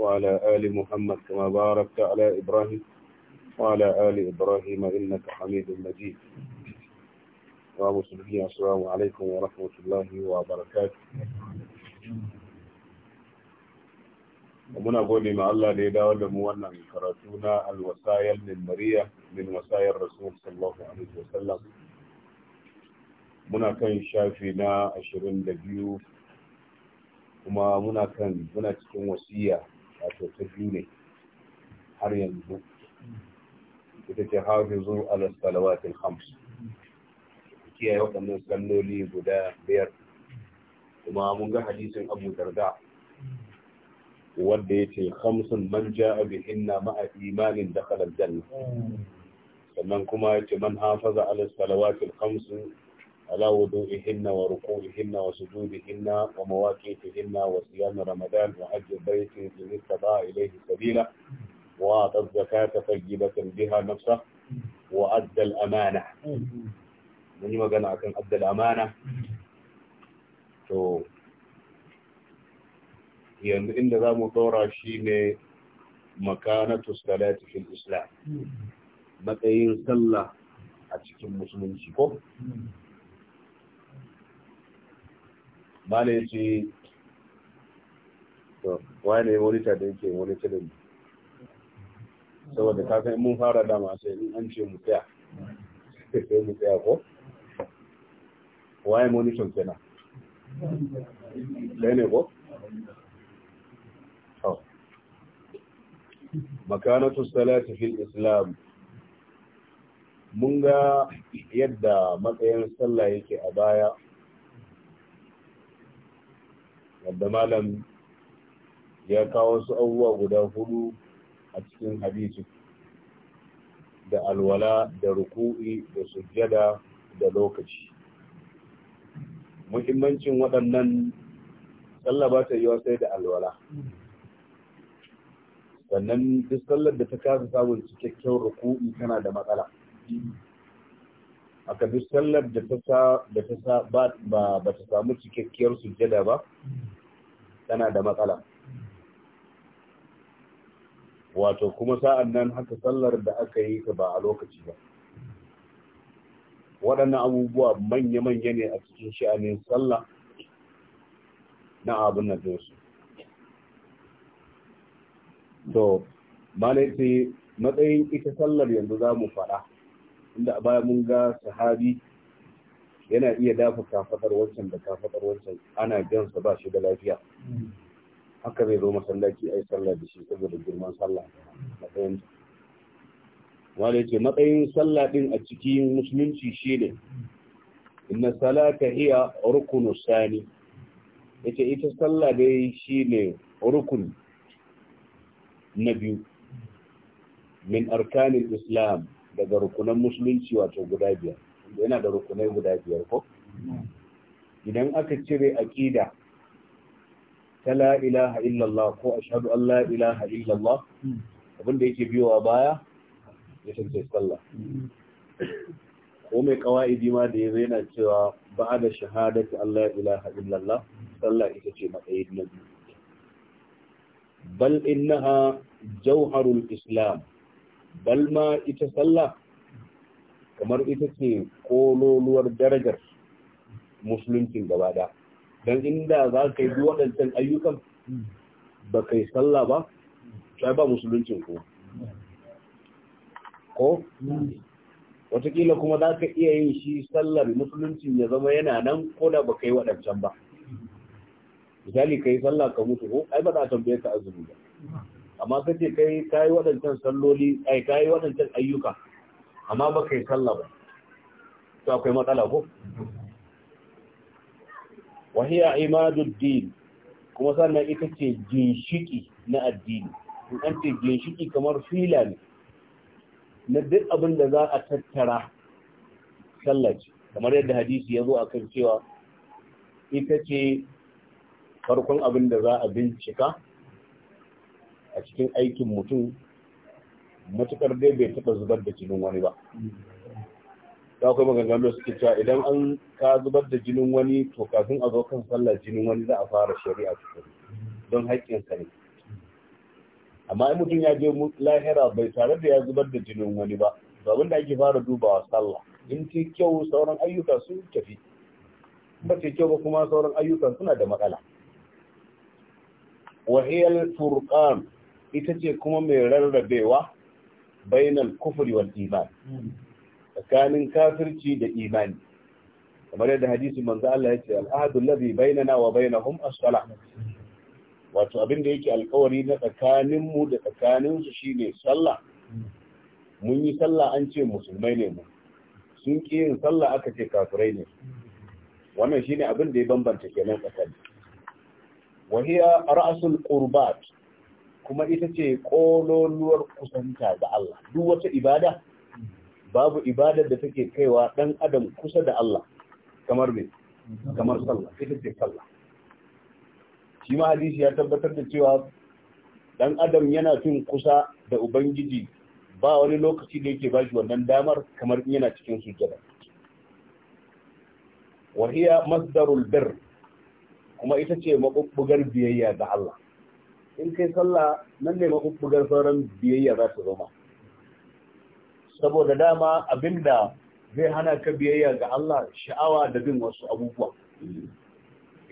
وعلى آل محمد كما باركت على إبراهيم وعلى آل إبراهيم إنك حميد مجيد ومسلمين السلام عليكم ورحمة الله وبركاته ومن أقول ما الله لي دول مونا كراتونا الوسايا للمرية من وسايا الرسول صلى الله عليه وسلم من كان شافينا أشرين دبيو وما من كان من أتكون wato ta biyu ne har yanzu ita ce hafizu ala salawatil khams kiyaye waɗannan salloli guda biyar kuma mun ga hadisin Abu Darda wanda ce khamsun man bihin bihinna ma'a imanin dakhala al-janna hmm. sannan kuma ce man hafaza ala salawatil على وضوئهن وركوعهن وسجودهن ومواقيتهن وصيام رمضان وحج البيت الذي استطاع إليه سبيلا وأعطى الزكاة طيبة بها نفسه وأدى الأمانة mun yi magana akan abdul amana to yanzu inda za mu ɗora shi ne makanatu salati fil islam matsayin sallah a cikin musulunci ko mala ya ce to wani monitor da yake monitoring saboda ka mun fara dama sai in an ce mu tsaya sai mu tsaya ko waye monitor kenan ɗaya ne ko makanatu salati fil islam mun ga yadda matsayin sallah yake a baya wanda malam ya kawo su abubuwa guda hudu a cikin hadisi da alwala da ruku'i da sujjada da lokaci muhimmancin waɗannan sallah ba ta yiwa sai da alwala sannan duk sallar da ta kasa samun cikakken ruku'i tana da matsala aka duk sallar da ta ba ta samu cikakkiyar sujjada ba tana da matsala wato kuma sa'an nan haka sallar da aka yi ta ba a lokaci ba waɗannan abubuwa manya-manya ne a cikin sha'anin sallah na abin na dosu to malaiti matsayin ita sallar yanzu za mu faɗa inda a baya mun ga sahabi yana iya dafa kafaɗar wancan da kafaɗar wancan ana jan sa ba shi da lafiya haka zai zo masallaci ai sallah da shi saboda girman sallah matsayin wanda yake matsayin sallah din a cikin musulunci shine inna salata hiya rukunu sani yace ita sallah dai shine rukun na biyu min arkanin islam daga rukunan musulunci wato guda biyar yana da rukunai guda biyar ko idan aka cire aqida ta la ilaha illallah ko ashhadu an la ilaha illallah abinda yake biyowa baya ya tantance sallah ko mai kawaidi ma da yazo yana cewa da shahadati Allah ilaha illallah sallah ita ce matsayin na biyu bal innaha jawharul islam bal ma ita sallah kamar ita ce kololuwar darajar musuluncin gaba da don inda za ka yi waɗancan ayyukan ba ka yi sallah ba sai ba musuluncin ko ko watakila kuma za ka iya yin shi sallar musuluncin ya zama yana nan ko da ba ka yi waɗancan ba misali ka yi sallah ka mutu ko ai ba za a tambaye ka azumi ba amma ka ce ka yi waɗancan salloli ai ka yi waɗancan ayyuka amma ba ka yi sallah ba to akwai matsala ko wahiya imaduddin kuma sannan ita ce ginshiki na addini in an ce ginshiki kamar fila ne na duk abin da za a tattara sallah kamar yadda hadisi ya zo a kan cewa ita ce farkon abin da za a bincika a cikin aikin mutum matukar dai bai taɓa zubar da jinin wani ba ta kuma maganganu suke cewa idan an ka zubar da jinin wani to kafin a zo kan sallah jinin wani za a fara shari'a cikin don haƙƙinsa ne amma in mutum ya je lahira bai tare da ya zubar da jinin wani ba babin abinda ake fara dubawa sallah in ce kyau sauran ayyuka sun tafi ba ce kyau ba kuma sauran ayyuka suna da matsala wahiyar furqan ita ce kuma mai rarrabewa Bainar kufuri wal iman tsakanin kafirci da imani kamar yadda hadisin manzo Allah ya ce al'adul ladhi bainana wa bainahum as-salah wato abin da yake alkawari na tsakanin mu da tsakanin su shine sallah mun yi sallah an ce musulmai ne mu sun ki yin sallah aka ce kafirai ne wannan shine abin da ya bambanta kenan tsakani wa hiya ra'sul qurbat kuma ita ce ƙololuwar kusanta da Allah duk wata ibada babu ibada da take kaiwa ɗan adam kusa da Allah kamar me kamar sallah ita ce sallah shi ma hadisi ya tabbatar da cewa ɗan adam yana cin kusa da ubangiji ba wani lokaci da yake bashi wannan damar kamar yana cikin sujjada wa hiya masdarul bir kuma ita ce mabubbugar biyayya ga Allah in kai sallah nan ne maɓuɓɓugar sauran biyayya za su zama saboda dama abinda zai hana ka biyayya ga Allah sha'awa da bin wasu abubuwa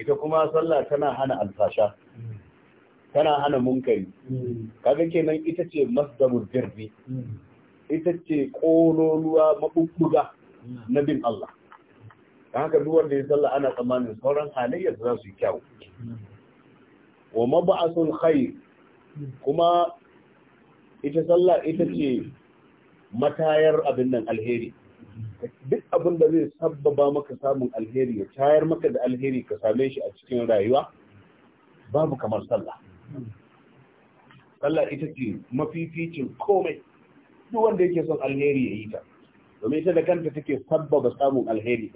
ita kuma sallah tana hana alfasha tana hana munkari kaga kenan ita ce masdarul jirbi ita ce kololuwa mabubbuga na bin Allah dan haka duk wanda ya sallah ana tsammanin sauran halayyar za su yi kyau wa mab'asul khair kuma ita sallah ita ce matayar abin nan alheri duk abin da zai sabbaba maka samun alheri ya tayar maka da alheri ka same shi a cikin rayuwa babu kamar sallah sallah ita ce mafificin komai duk wanda yake son alheri ya yi ta domin ita da kanta take sabbaba samun alheri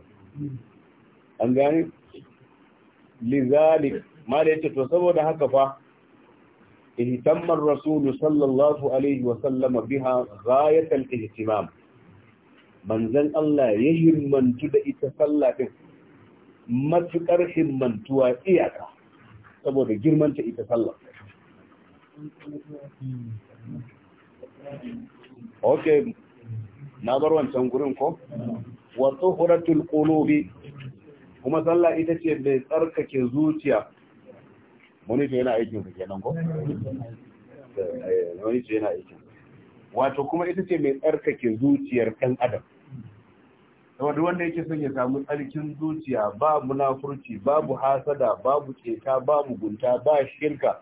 an gane lizalik malai ce to saboda haka fa ihtamma ar-rasul sallallahu alaihi wa sallama biha ghayatul ihtimam manzon Allah ya himmantu da ita sallah din matukar himmantuwa iyaka saboda girmanta ita sallah okay na bar wancan gurin ko wa tuhuratul qulubi kuma sallah ita ce mai tsarkake zuciya wani ce yana aikin ka kenan ko wani eh, ce yana aikin wato kuma ita ce mai tsarkake zuciyar ɗan adam wadda wanda yake son ya samu tsarkin zuciya ba munafurci babu hasada babu ceta babu gunta ba shirka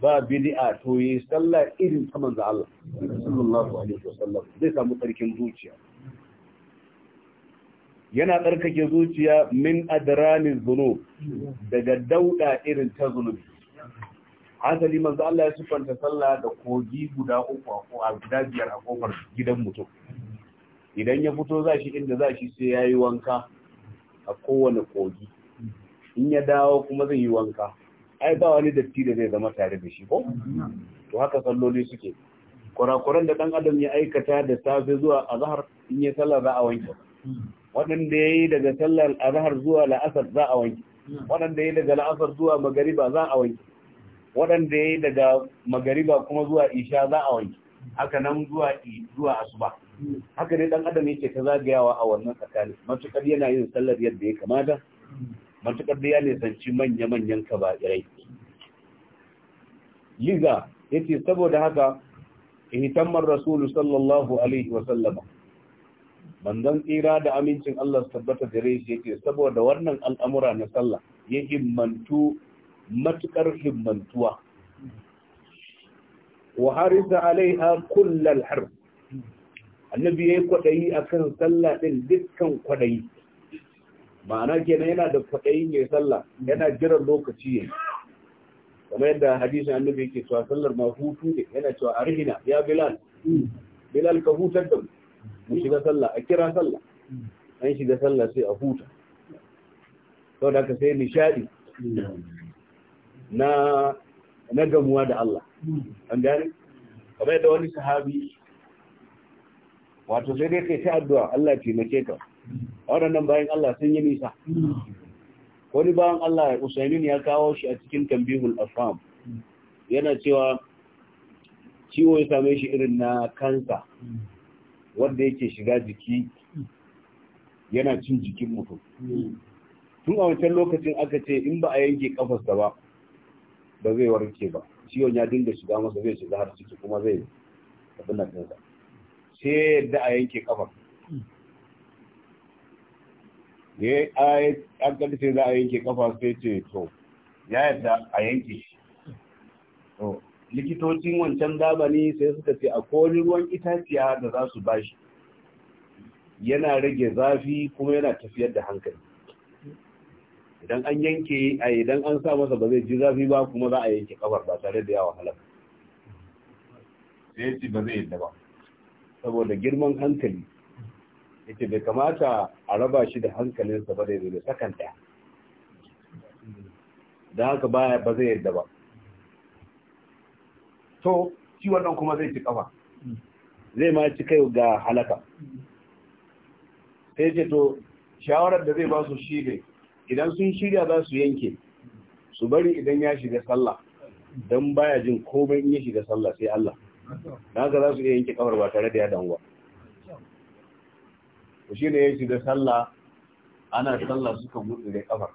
ba bid'a to yi sallah irin ta manzo Allah sallallahu alaihi wasallam zai samu tsarkin zuciya yana tsarkake zuciya min adraniz zunub daga dauda irin ta zunubi hasali manzo Allah ya sifanta sallah da kogi guda uku a guda biyar a kofar gidan mutum idan ya fito za shi inda za shi sai ya yi wanka a kowane kogi in ya dawo kuma zai yi wanka ai ba wani datti da zai zama tare da shi ko to haka salloli suke kurakuran da dan adam ya aikata da safe zuwa azhar in ya sallar za a wanke waɗanda ya yi daga sallar azhar zuwa la'asar za a wanke waɗanda ya yi daga la'asar zuwa magariba za a wanke waɗanda ya yi daga magariba kuma zuwa isha za a wanke haka nan zuwa zuwa asuba haka ne dan adam yake ta zagayawa a wannan tsakanin matukar yana yin sallar yadda ya kamata matukar da ya nisanci manya-manyan kaba'irai liza yace saboda haka ihtammar rasulu sallallahu alaihi wa sallama tsira da amincin Allah tabbata gare shi yake saboda wannan al'amura na sallah ya himmantu Matuƙar himmantuwa wa harisa alaiha kullal har annabi yayi kwadayi akan sallah din dukkan kwadayi ma'ana kenan yana da kwaɗayi mai sallah yana jiran lokaci ne. kamar yadda hadisin annabi yake cewa sallar ma hutu ne yana cewa arhina ya bilal bilal ka hutar da mu mun shiga sallah a kira sallah an shiga sallah sai a huta saboda ka sai nishadi na na gamuwa da Allah an gane kamar da wani sahabi wato sai dai kai ta addu'a Allah taimake ka nan bayan Allah sun yi nisa wani bayan Allah Usaimin ya kawo shi a cikin tambihul afam yana cewa ciwo ya same shi irin na kansa wanda yake shiga jiki yana cin jikin mutum tun a wancan lokacin aka ce in ba a yanke kafarsa ba ba zai warke ba ciwon ya dinga shiga masa zai shiga har ciki kuma zai abin nan ɗinsa sai yadda a yanke kafa ya an kalli sai za a yanke kafa sai ce to ya yadda a yanke shi to likitocin wancan zamani sai suka ce a koli ruwan itaciya da za su bashi yana rage zafi kuma yana tafiyar da hankali idan an yanke a idan an sa masa ba zai ji zafi ba kuma za a yanke kafar ba tare da yawa halaka sai ya ce ba zai yadda ba saboda girman hankali ce bai kamata a raba shi da hankalinsa ba da da sakan ɗaya da haka baya ba zai yadda ba to shi wannan kuma zai ci kafa zai ma ci kai ga halaka sai ce to shawarar da zai ba su shi ne idan sun shirya za su yanke su bari idan ya shiga sallah don baya jin komai in ya shiga sallah sai Allah na ka za su iya yanke kamar ba tare da ya damuwa ku shi ne ya shiga sallah ana sallah suka gutsu da kafa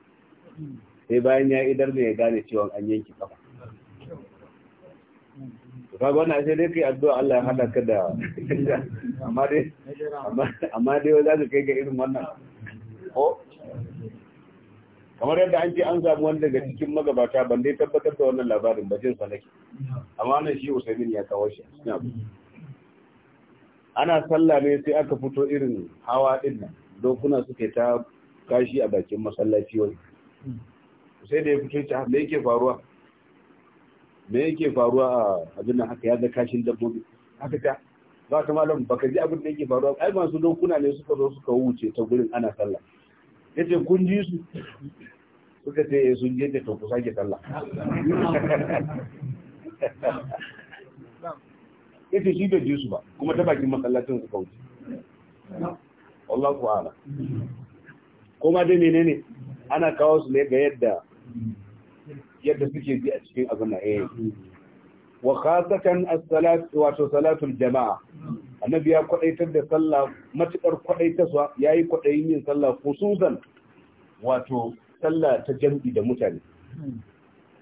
sai bayan ya idar da ya gane cewa an yanke kafa kaga wannan sai dai kai addu'a Allah ya hada ka da amma dai amma dai za ka kai ga irin wannan ko kamar yadda an ce an samu wani daga cikin magabata ban dai tabbatar da wannan labarin ba jin sa nake amma nan shi Usaimin ya kawo shi ana sallah ne sai aka fito irin hawa din nan dokuna suke ta kashi a bakin masallaci wani sai da ya fito ta ah, me yake faruwa me yake faruwa a abin haka ya ga kashin dabbobi haka ta ba ta malam baka ji abin da yake faruwa ai masu dokuna ne suka zo suka wuce ta gurin ana sallah ya ce kun ji su suka ce eh, sun je ta tofu sake sallah ya ce shi da ji su ba kuma ta bakin masallacin su kauce Allah ku ala kuma dai ne ne ana kawo su ne ga yadda yadda suke ji a cikin abin na eh wa khasatan as-salat wa salatul jama'a annabi ya kwadaitar da sallah matukar ya yi kwadayin yin sallah khususan wato sallah ta jam'i da mutane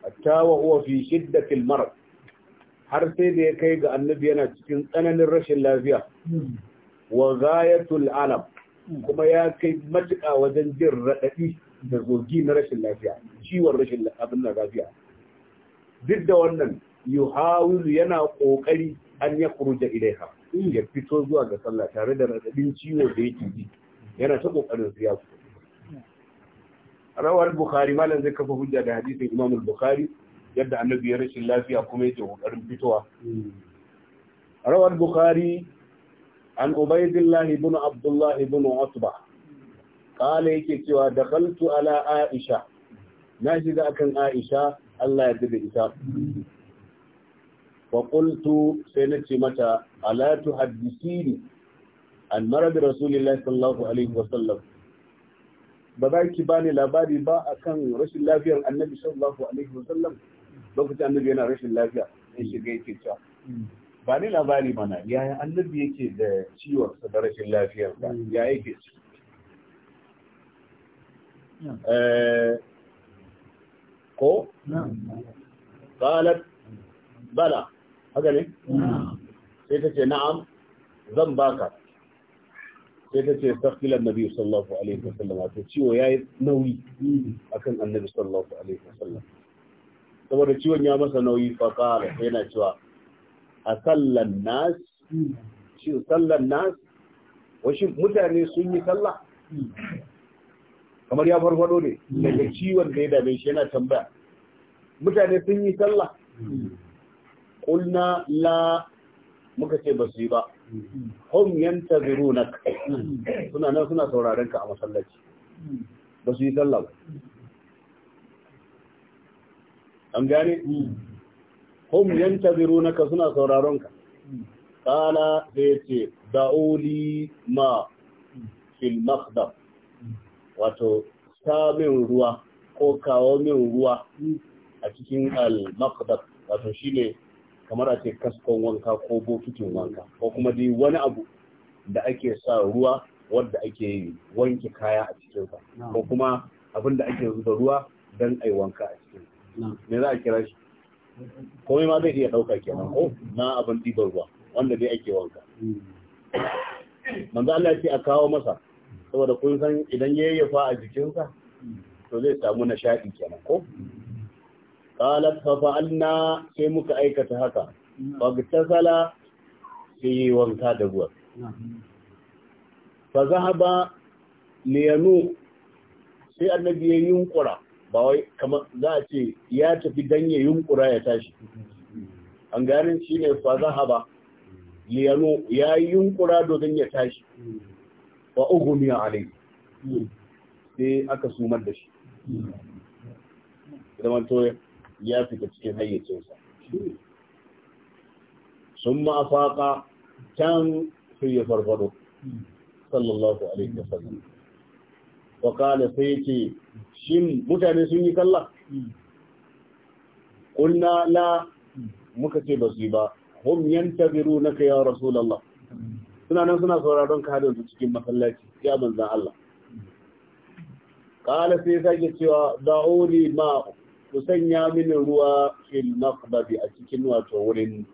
hatta wa huwa fi shiddatil marad har sai da ya kai ga annabi yana cikin tsananin rashin lafiya wa ghayatul alam kuma ya kai matuƙa wajen jin raɗaɗi da zogi na rashin lafiya ciwon rashin abin na lafiya duk da wannan yuhawilu yana ƙoƙari an ya kuruja ilaiha ya fito zuwa ga sallah tare da radadin ciwo da yake ji yana ta kokarin siya su rawar bukhari malam zai kafa hujja da hadisin imam bukhari yadda annabi ya rashin lafiya kuma yake kokarin fitowa rawar bukhari an ubaidillah ibn abdullah ibn usba kala yake cewa dakhaltu ala aisha na shiga akan aisha Allah ya da ita faƙultu sai na ce mata alatu haddisini an marabi rasulullahi sallallahu alaihi wasallam ba za ki bani labari ba akan rashin lafiyar annabi sallallahu alaihi wasallam lokacin annabi yana rashin lafiya sai shiga yake cewa ba ni labari mana yaya annabi yake da ciwon da rashin lafiyar sa ya yake eh, ko qalat bala haka ne sai ta ce na'am zan baka sai ta ce sakilan nabi sallallahu alaihi wasallam wato ciwo yayi nauyi akan annabi sallallahu alaihi wasallam saboda ciwon ya masa nauyi fa qala sai yana cewa a sallan nas shi sallan nas wasu mutane sun yi sallah kamar ya farfado ne daga ciwon da ya dame shi yana tambaya mutane sun yi sallah ƙulna la muka ce ba su yi ba hum yanta na suna nan suna sauraren ka a masallaci ba su yi sallah ba an gane hum yanta ka suna sauraron ka kala sai ce da'uli ma fil makhdam wato sa min ruwa ko kawo min ruwa a cikin al makhdam wato shine kamar a ce kaskon wanka ko bokitin wanka ko kuma dai wani abu da ake sa ruwa wadda ake wanke kaya a cikinsa ko kuma abin da ake zuba ruwa don a yi wanka a cikin me za a kira shi komai ma zai iya ɗauka kenan ko na abin ɗibar ruwa wanda dai ake wanka hmm. manzo Allah ya ce a kawo masa saboda kun san idan ya yayyafa a jikinsa to zai samu nishaɗi kenan ko hmm. qalat fa fa'alna sai muka aikata haka fagtasala sai wanka da ruwa fa zahaba liyanu sai annabi ya yunkura ba wai kamar za a ce ya tafi dan ya yunkura ya tashi an gane shine fa zahaba liyanu ya yunkura domin ya tashi wa ugumiya alai sai aka sumar da shi zamanto ya fita cikin hayyacinsa sun ma faƙa can sai ya farfado sallallahu alaihi wasallam wa sai ce shin mutane sun yi kalla kulna la muka ce ba su yi ba hum yantabiru naka ya rasulullah suna nan suna sauraron ka hadin su cikin masallaci ya manzan Allah kala sai sake cewa da'uni ma. ku sanya mini ruwa fil maqbadi a cikin wato wurin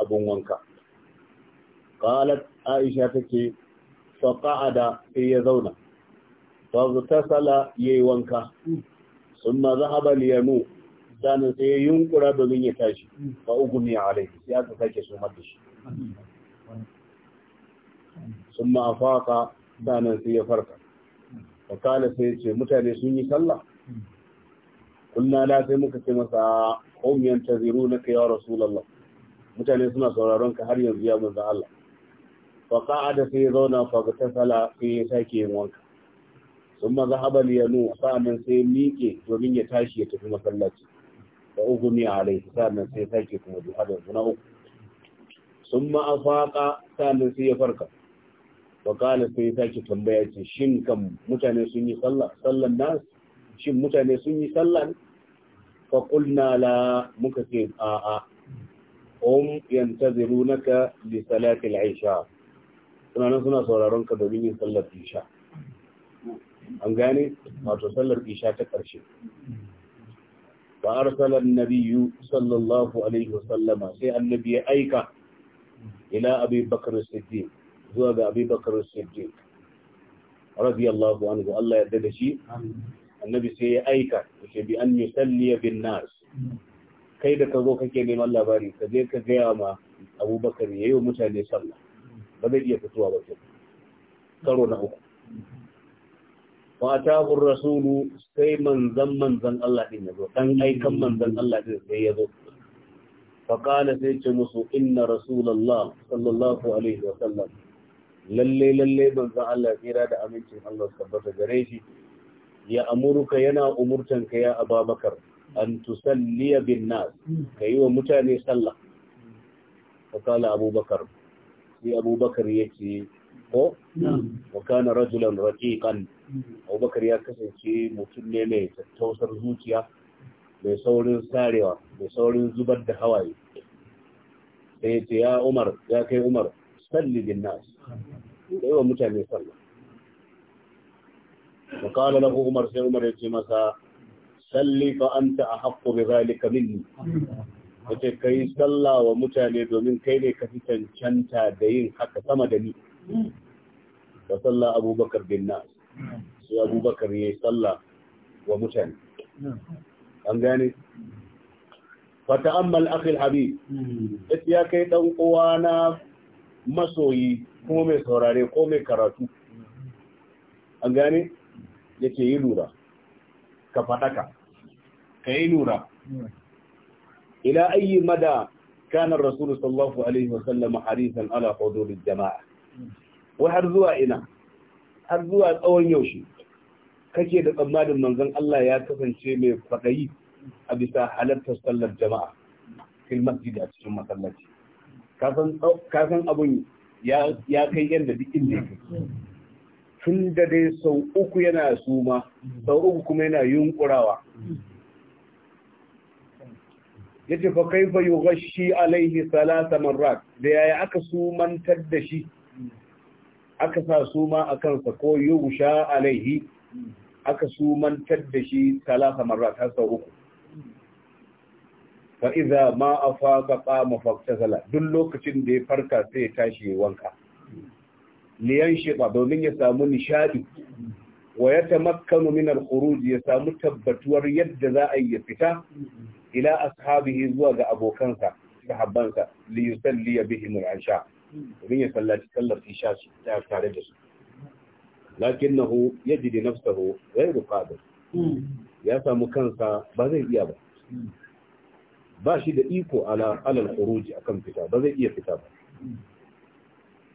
abun wanka qalat aisha take fa qa'ada sai ya zauna fa tasala yayi wanka summa zahaba liyanu dan sai ya yunkura domin ya tashi fa ugni alai sai aka sake su mata shi summa afaqa dan sai ya farka fa kala sai ce mutane sun yi sallah kunna la sai muka ce masa qawm yantaziruna ka ya rasulullah mutane suna sauraron ka har yanzu ya manzo Allah fa qa'ada sai zauna fa tasala sai ya sake yin wanka thumma zahaba li yanu sa'annan sai miƙe domin ya tashi ya tafi masallaci fa ugumi alaihi sa'annan sai sake kuma duha da na uku thumma afaqa sa'annan sai ya farka wakala sai ya sake tambaya ce shin kan mutane sun yi sallah sallan nas shin mutane sun yi sallah ne faƙulna la muka ce a'a hum yantazirunaka li salatil aisha suna nan suna sauraron ka domin yin sallar isha an gane wato sallar isha ta ƙarshe fa arsala an-nabiyyu sallallahu alaihi sallama sai annabi ya aika ila abi bakr as-siddiq zuwa ga abi bakr as-siddiq radiyallahu anhu Allah ya yarda da shi annabi sai ya aika yace bi an yusalli bin nas kai da ka zo kake neman labari ka je ka gaya ma abubakar ya yi wa mutane sallah ba zai iya fitowa ba karo na uku fata kun rasulu sai manzan manzan Allah din ya zo ɗan aikan manzan Allah din sai ya zo faƙala sai ce musu inna rasulallah sallallahu alaihi wa sallam lalle lalle manzan Allah tsira da amincin Allah tabbata gare shi ya amuruka yana umurtanka ya ababakar an tusalliya bin nas ka yi wa mutane sallah fakala abubakar sai abubakar ya ce ko Wakana kana rajulan raqiqan abubakar ya kasance mutum ne mai tattausar zuciya mai saurin sarewa mai saurin zubar da hawaye sai ya ce ya umar ya kai umar salli bin nas kai wa mutane sallah wa qala lahu umar sai umar ya ce masa salli fa anta ahaqqu bi zalika minni yace kai sallah wa mutane domin kai ne ka fi cancanta da yin haka sama da ni wa sallah abubakar bin nas sai abubakar yayi sallah wa mutane an gane fata'ammal akhil habib yace ya kai dan uwa na masoyi ko mai saurare ko mai karatu an gane yake yi lura ka faɗaka ka yi lura ila ayi mada kanar rasulu sallallahu alaihi wasallam harisan ala hudurin jama'a wai har zuwa ina har zuwa tsawon yaushe kake da tsammanin manzon Allah ya kasance mai faɗayi a bisa halartar sallar jama'a fil masjid a cikin masallaci Kasan abun ya kai yadda duk inda yake tun da dai sau uku yana suma sau uku kuma yana yunkurawa ya ce fa kaifa yughashi alaihi salasa Marat! da yaya aka sumantar da shi aka sa suma a kansa ko yughsha alaihi aka sumantar da shi salasa Marat! har sau uku fa idza ma afaqa qama faktasala duk lokacin da ya farka sai ya tashi wanka liyan shiƙa domin ya samu nishaɗi wa ya tamakkanu min al-khuruj ya samu tabbatuwar yadda za a yi fita ila ashabihi zuwa ga abokansa da habbansa li yusalli bihim al-isha domin ya sallaci sallar isha tare da su lakinnahu yajid nafsahu ghayr qadir ya samu kansa ba zai iya ba ba shi da iko ala al khuruj akan fita ba zai iya fita ba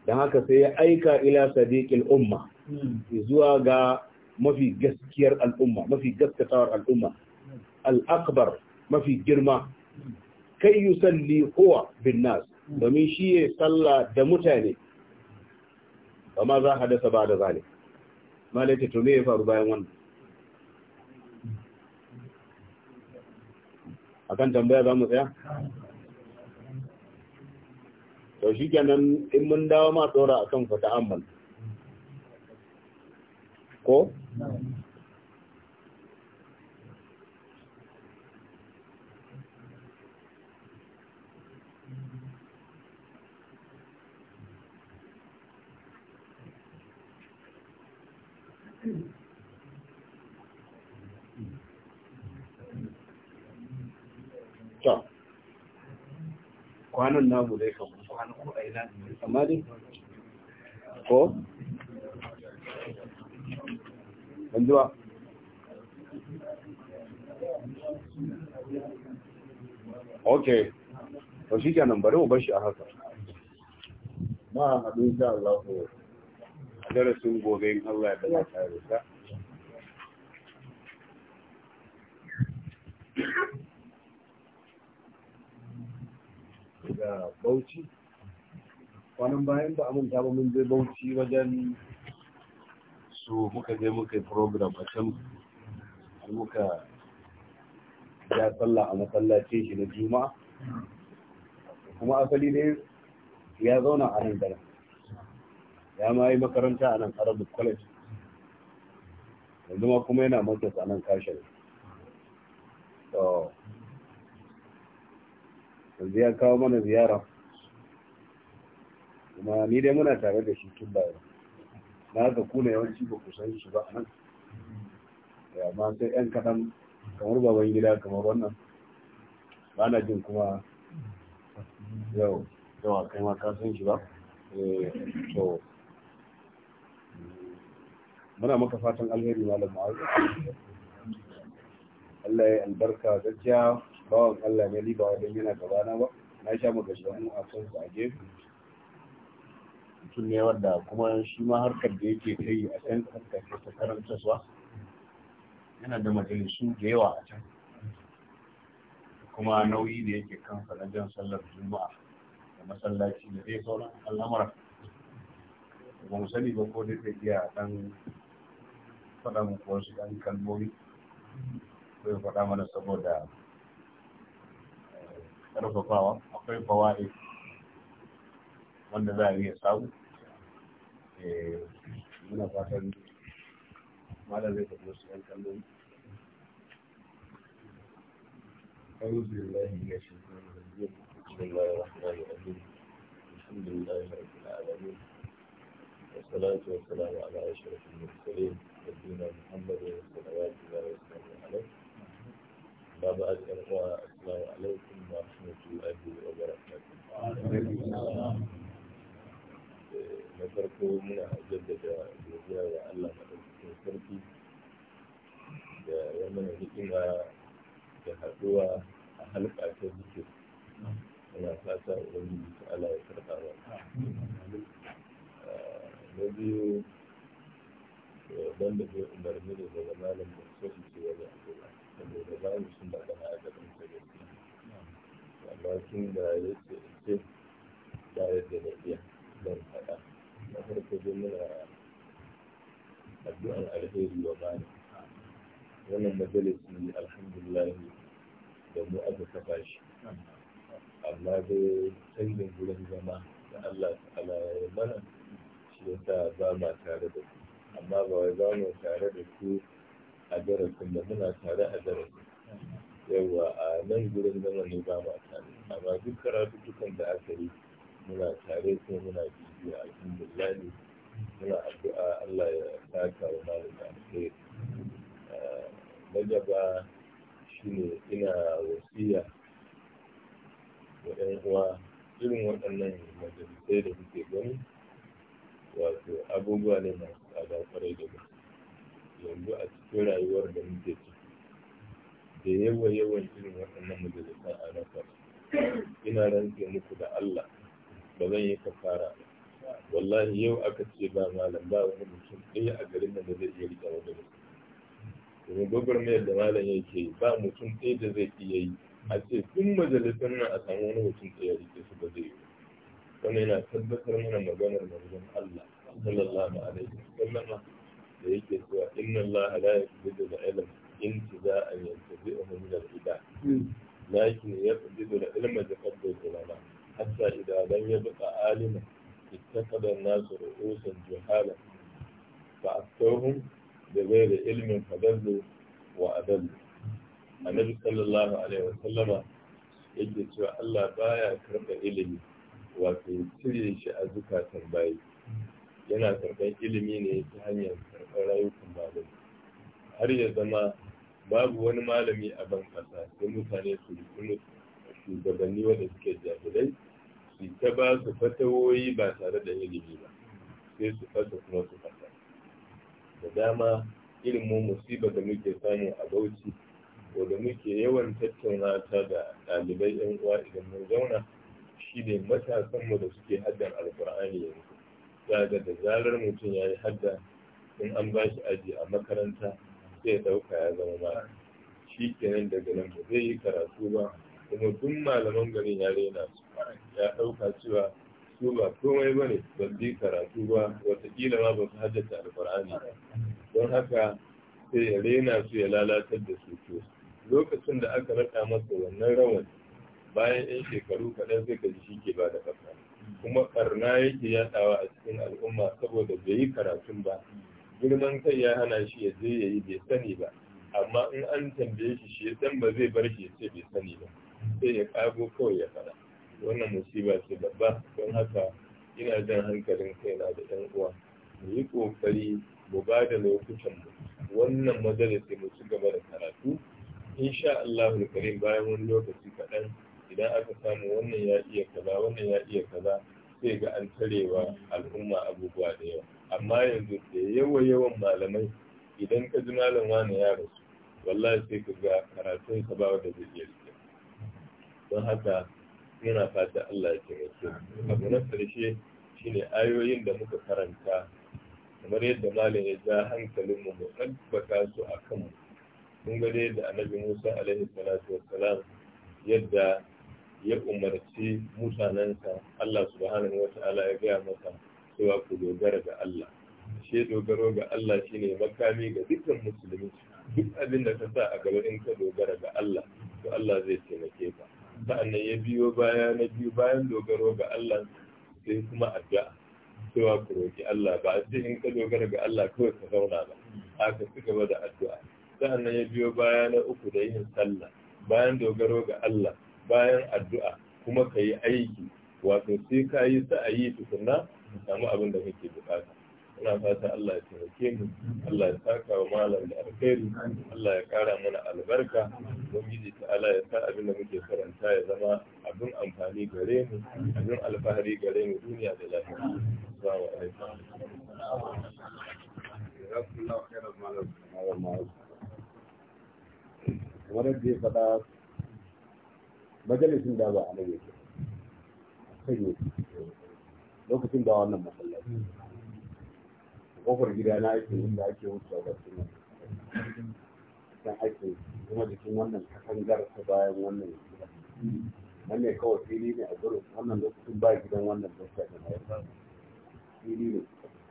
don haka sai ya aika ila sadiqil umma hmm. zuwa ga mafi gaskiyar al'umma mafi gaskatawar al'umma hmm. al'akbar mafi girma kai yusalli kowa bin nas hmm. domin shi ya salla da mutane amma za hadasa ba da zalik malaita to ne ya faru bayan wannan akan tambaya za mu tsaya to shi kenan in mun dawo ma tsora a fata ammal ko kwanan namu dai kamar amma dai ko banjuwa ok Ba shi kenan bari mu bashi a haka ma haɗu insha Allah a darasin gobe in Allah ya dama tare da ga Bauchi kwanan bayan da amin ba mun zai bauchi wajen su muka je muka yi program a can muka ya sallah a matsalace shi na juma'a kuma asali ne ya zauna a nan dara ya ma yi makaranta a nan arabic college yanzu ma kuma yana matas a nan kashin yanzu ya kawo mana ziyara kuma ni dai muna tare da shi tun baya na ga kuna yawanci ba ku san shi ba nan ma sai yan kaɗan kamar baban gida kamar wannan ba na jin kuma yau a kai ma ka san shi ba eh, to muna maka fatan alheri malam ma'azu Allah ya albarka gajiya bawan Allah ne liba wajen yana gabana ba na sha maka shi a can a gefe mutum ne wanda kuma shi ma harkar da yake ta a can harkar ta taswa? yana da majalisu da yawa a can kuma nauyi da yake kan na jan sallar juma'a da masallaci da dai sauran al'amura ba mu sani ba ko dai zai iya dan faɗa muku wasu dan kalmomi ko ya faɗa mana saboda eh, ƙarfafawa akwai fawa'i wanda za a iya sabu. muna fatan malam zai tafi wasu 'yan kallon أعوذ بالله من الشيطان الرجيم بسم الله الرحمن الرحيم الحمد لله رب العالمين والصلاة والسلام على أشرف المرسلين نبينا محمد وصلوات الله وسلامه عليه باب الإرواء السلام عليكم ورحمة الله وبركاته na farko muna jaddada godiya ga Allah madaukakin sarki da ya mana hikima da haɗuwa a halka ta zikir muna fata ubangiji ta Allah ya karɓa mana ah, na biyu banda bai umarni da daga malam da sai ce wani abu ba saboda ba mu sun da kana a gaban sa gaskiya amma tun da ya ce da yadda na iya suka zo mana addu'an alheri wa bani wannan majalisi alhamdulillah da mu aka kafa shi amma dai canjin gurin zama da Allah ta'ala ya mana shi yasa ba ma tare da ku amma ba wai ba mu tare da ku a darasin da muna tare a darasin yawa a nan gurin zama ne ba ma tare amma duk karatu da aka yi muna tare ko muna a bibiya alhamdulillah muna addu'a Allah ya saka wa malam da alheri eh, na gaba shine ina wasiya wa ɗan uwa irin waɗannan majalisai da kuke gani wato abubuwa ne masu tsada kwarai da gaske yanzu a cikin rayuwar da muke ciki da yawa yawan irin waɗannan majalisan a rasa ina rantse muku da Allah ba zan yi kafara ba wallahi yau aka ce ba malam ba wani mutum ɗaya a garin nan da zai iya riƙa wani mutum domin gwagwarmayar da malam yake ba mutum ɗaya da zai iya yi a ce tun majalisar nan a samu wani mutum ɗaya rike su ba zai yi wannan yana tabbatar mana maganar manzon Allah sallallahu alaihi wa wasallam da yake cewa inna Allah la yuzidu al-ilm intiza'an yantazi'uhu min al-ida hmm. lakin yuzidu al-ilma taqaddasa lana حتى إذا لم يبق عالما اتخذ الناس رؤوسا جهالا فأفتوهم بغير علم فضلوا وأضلوا النبي صلى الله عليه وسلم yake cewa Allah baya karɓa ilimi wato cire shi a zukatan bayi yana karɓar ilimi ne ta hanyar karɓar rayukan malami har ya zama babu wani malami a ban ƙasa sai mutane su shugabanni wanda suke jahilai su ta ba su fatawoyi ba tare da ilimi ba sai su fasa kuma su fasa da dama irin mu musiba da muke samu a bauchi wadda muke yawan tattauna ta da ɗalibai yan uwa idan mun zauna shi ne matasanmu da suke haddan alkur'ani yanzu ya da zarar mutum ya yi hadda in an ba shi aji a makaranta sai ya ɗauka ya zama ma shi kenan daga nan ba zai yi karatu ba kuma duk malaman garin ya rena su ya ɗauka cewa su ba komai ba ne ba su karatu ba watakila ma ba su hajjata alkur'ani ba don haka sai ya rena su ya lalatar da su to lokacin da aka raka masa wannan rawan bayan yan shekaru kaɗan zai ka ji shi ke ba da ƙasa kuma ƙarna yake yaɗawa a cikin al'umma saboda bai yi karatun ba girman kai ya hana shi ya je ya yi bai sani ba amma in an tambaye shi shi ya ba zai bar shi ya ce bai sani ba sai ya kago kawai ya fara wannan musiba ce babba don haka ina jan hankalin kai kaina da ɗan uwa mu yi ƙoƙari mu ba da lokutan mu wannan majalisi mu ci gaba da karatu in sha Allah karim bayan wani lokaci kaɗan idan aka samu wannan ya iya kaza wannan ya iya kaza sai ga an tarewa al'umma abubuwa da yawa amma yanzu da yawa yawan malamai idan ka ji malam wani ya rasu wallahi sai ka ga karatun ka ba wanda zai iya don haka yana fata Allah ya taimake abu na karshe shine ayoyin da muka karanta kamar yadda malam ya ja hankalin mu mu tabbata su akan mu kun ga dai da annabi Musa alaihi salatu wassalam yadda ya umarci mutanensa Allah subhanahu wata'ala ya gaya masa cewa ku dogara ga Allah shi dogaro ga Allah shine makami ga dukkan musulmi duk abin da ka sa a gaba in ka dogara ga Allah to Allah zai taimake ka sa'annan ya biyo baya na biyu bayan dogaro ga Allah sai kuma addu'a cewa ku roki Allah ba a in ka dogara ga Allah kawai ka zauna ba haka ci gaba da addu'a sa'annan ya biyo baya na uku da yin sallah bayan dogaro ga Allah bayan addu'a kuma ka yi aiki wato sai ka yi sa'ayi tukunna samu abin da kake bukata muna fata Allah ya taimake mu Allah ya saka wa malam da alkhairi Allah ya kara mana albarka ubangiji ta Allah ya sa abin da muke karanta ya zama abin amfani gare mu abin alfahari gare mu duniya da lafiya assalamu alaikum jazakumullahu khairan malam malam kamar da ya faɗa majalisin da ba a nan yake a kan yake lokacin da wannan masallaci kofar gida na ake inda ake wuce da su kan ake kuma jikin wannan katangar ta bayan wannan gida nan ne kawai fili ne a gurin wannan lokacin ba gidan wannan dokta da fili ne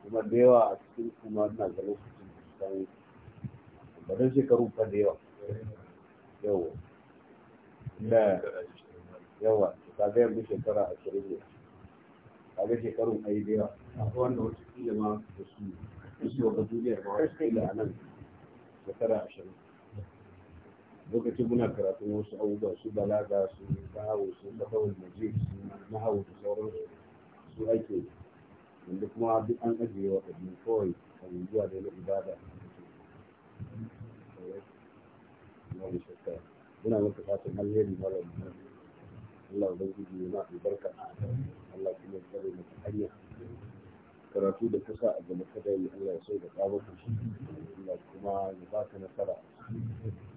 kuma da yawa a cikin kuma na ga lokacin da su ba don shekaru ba da yawa yawa da yawa ta zai yanzu shekara ashirin ne a ga shekarun a yi da yawa a wanda wata kila ma da su su wata duniyar ma wata kila a nan shekara ashirin lokacin muna karatun wasu abubuwa su balaga su bahawo su fatawar majid su nahawo da sauransu su ake wanda kuma duk an ajiye wa ɗabi kawai a zuwa da na ibada muna maka fatan alheri malam Allah ubangiji ya ma albarka Allah kuma ya tsare maka hanya karatu da kusa a gaba kada yi Allah ya so da kawo ku shi Allah kuma ya ba ka nasara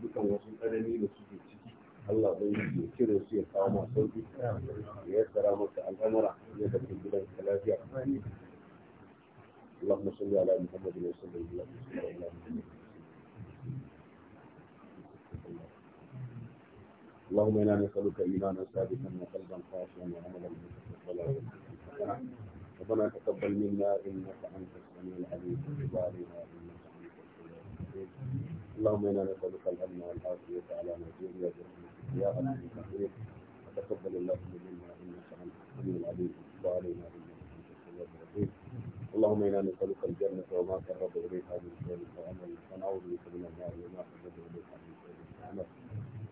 dukan wasu tsanani da suke ciki Allah ban ya cire su ya kawo masu sauki ya tsara maka al'amura ya tafi gidan ka lafiya اللهم صل على محمد وسلم اللهم صل على اللهم انا نسالك ايمانا ثابتا وقلبا خاشعا وعملا متقبلا ربنا تقبل منا انك انت السميع العليم وتب انك انت السميع العليم اللهم انا نسالك الامن والعافيه على نيجيريا برحمتك يا ارحم الراحمين وتقبل اللهم منا انك انت السميع العليم وتب انك انت السميع الرحيم اللهم انا نسالك الجنه وما قرب اليها من شيء وعمل ونعوذ بك من النار وما قرب اليها من شيء وعمل